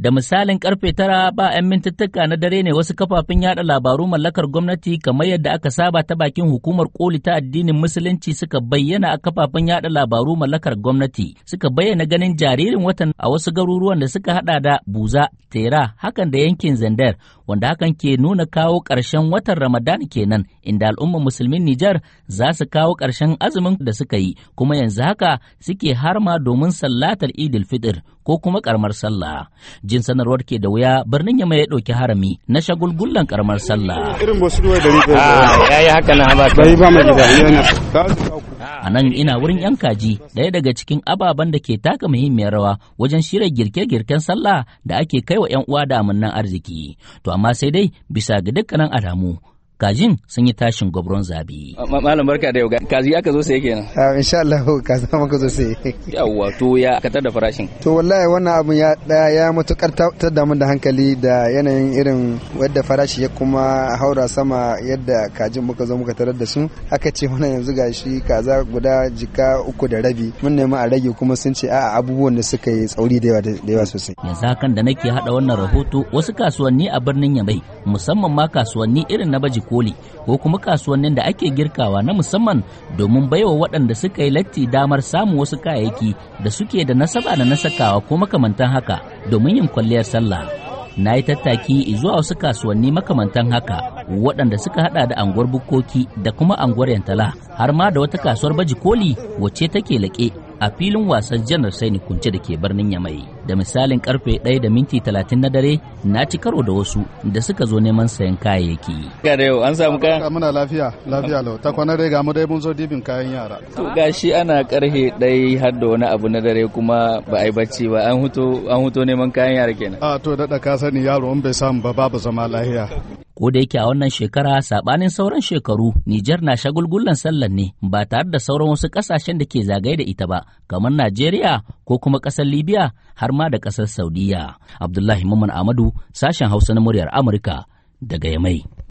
Da misalin karfe tara ba 'yan mintattaka na dare ne wasu kafafen yada labaru mallakar gwamnati kamar yadda aka saba ta bakin hukumar koli ta addinin musulunci suka bayyana a kafafen yada labaru mallakar gwamnati suka bayyana ganin jaririn watan a wasu garuruwan da suka hada da Buza, Tera, hakan da yankin Zandar wanda hakan ke nuna kawo ƙarshen watan Ramadan kenan inda al'ummar musulmin Nijar za su kawo ƙarshen azumin da suka yi kuma yanzu haka suke harma domin sallatar Idil Fitr ko kuma karamar sallah jin sanarwar ke da wuya birnin yamma ya ɗauki harami na shagulgullan karmar sallah irin ba da ah, ya yi haka na ba ba mai A nan ina wurin 'yan kaji daya daga cikin ababen da ke taka muhimmiyar rawa wajen shirya girke-girken sallah da ake kai wa 'yan uwa da arziki. To amma sai dai bisa ga dukkanin alamu kajin sun yi tashin gwabron zabi. Malam barka da yau kaji aka zo sai kenan. Ah, insha Allah kaza ka zo sai. Yawwa to ya katar da farashin. To wallahi wannan abun ya daya ya matukar da mun da hankali da yanayin irin wadda farashi ya kuma haura sama yadda kajin muka zo muka tarar da su aka ce mana yanzu gashi kaza guda jika uku da rabi mun nema a rage kuma sun ce a'a abubuwan da suka yi tsauri da yawa sosai. Yanzu hakan da nake hada wannan rahoto wasu kasuwanni a birnin Yamai musamman ma kasuwanni irin na baji koli ko kuma kasuwannin da ake girkawa na musamman domin baiwa waɗanda suka yi latti damar samun wasu kayayyaki da suke da nasaba da na sakawa ko makamantan haka domin yin kwalliyar sallah na yi tattaki zuwa wasu kasuwanni makamantan haka waɗanda suka haɗa da anguwar bukkoki da kuma anguwar yantala har ma da wata kasuwar baji koli wacce take laƙe a filin wasan janar sai kunce da ke birnin yamai da misalin karfe 1 da minti 30 na dare na ci karo da wasu da suka zo neman sayan kayayyaki ga da yau an samu kayan muna lafiya lafiya lau ta kwana dai ga mu dai mun zo dibin kayan yara to gashi ana karfe 1 har da wani abu na dare kuma ba ai bacci ba an huto an huto neman kayan yara kenan a to da ka sani yaro in bai samu ba babu zama lafiya Ko da yake a wannan shekara sabanin sauran shekaru Nijar na shagulgullan sallar ne ba tare da sauran wasu ƙasashen da ke zagaye da ita ba kamar Najeriya ko kuma ƙasar Libya har ma da ƙasar Saudiya. Abdullahi Muhammad Amadu sashen Hausa na muryar Amurka daga Yamai.